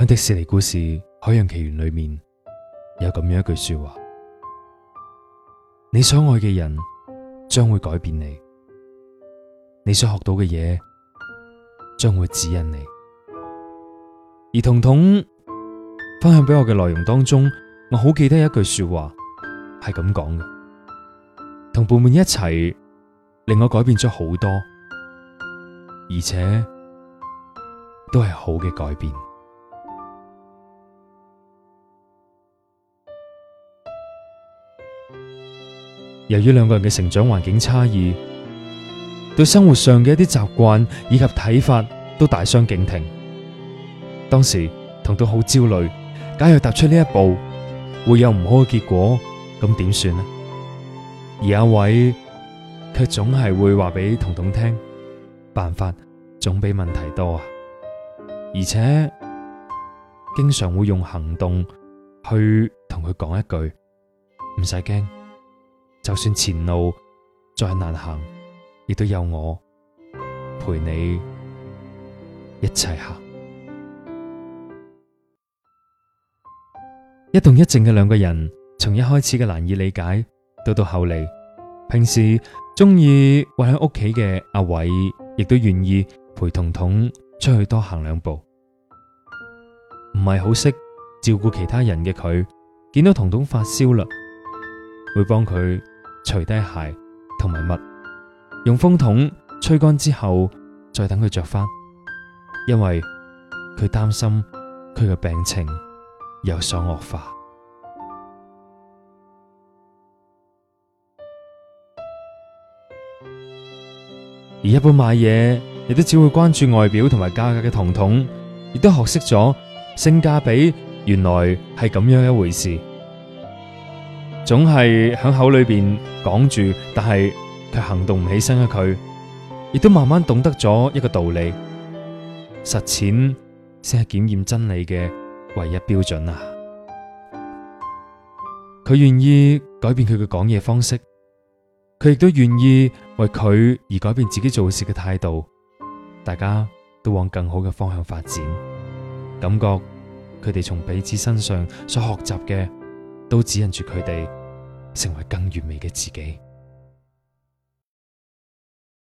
喺迪士尼故事《海洋奇緣》裏面有咁樣一句說話：，你所愛嘅人將會改變你，你所學到嘅嘢將會指引你。而彤彤分享俾我嘅內容當中，我好記得一句說話係咁講嘅：，同部門一齊令我改變咗好多，而且都係好嘅改變。由於兩個人嘅成長環境差異，對生活上嘅一啲習慣以及睇法都大相徑庭。當時彤彤好焦慮，假若踏出呢一步會有唔好嘅結果，咁點算呢？而阿偉卻總係會話俾彤彤聽，辦法總比問題多啊！而且經常會用行動去同佢講一句。唔使驚，就算前路再難行，亦都有我陪你一齊行。一動一靜嘅兩個人，從一開始嘅難以理解，到到後嚟，平時中意呆喺屋企嘅阿偉，亦都願意陪彤彤出去多行兩步。唔係好識照顧其他人嘅佢，見到彤彤發燒啦。會幫佢除低鞋同埋襪，用風筒吹乾之後，再等佢着返，因為佢擔心佢嘅病情有所惡化。而一般買嘢亦都只會關注外表同埋價格嘅彤彤，亦都學識咗性價比，原來係咁樣一回事。總係喺口裏邊講住，但係佢行動唔起身嘅。佢亦都慢慢懂得咗一個道理：實踐先係檢驗真理嘅唯一標準啊！佢願意改變佢嘅講嘢方式，佢亦都願意為佢而改變自己做事嘅態度。大家都往更好嘅方向發展，感覺佢哋從彼此身上所學習嘅，都指引住佢哋，成為更完美嘅自己。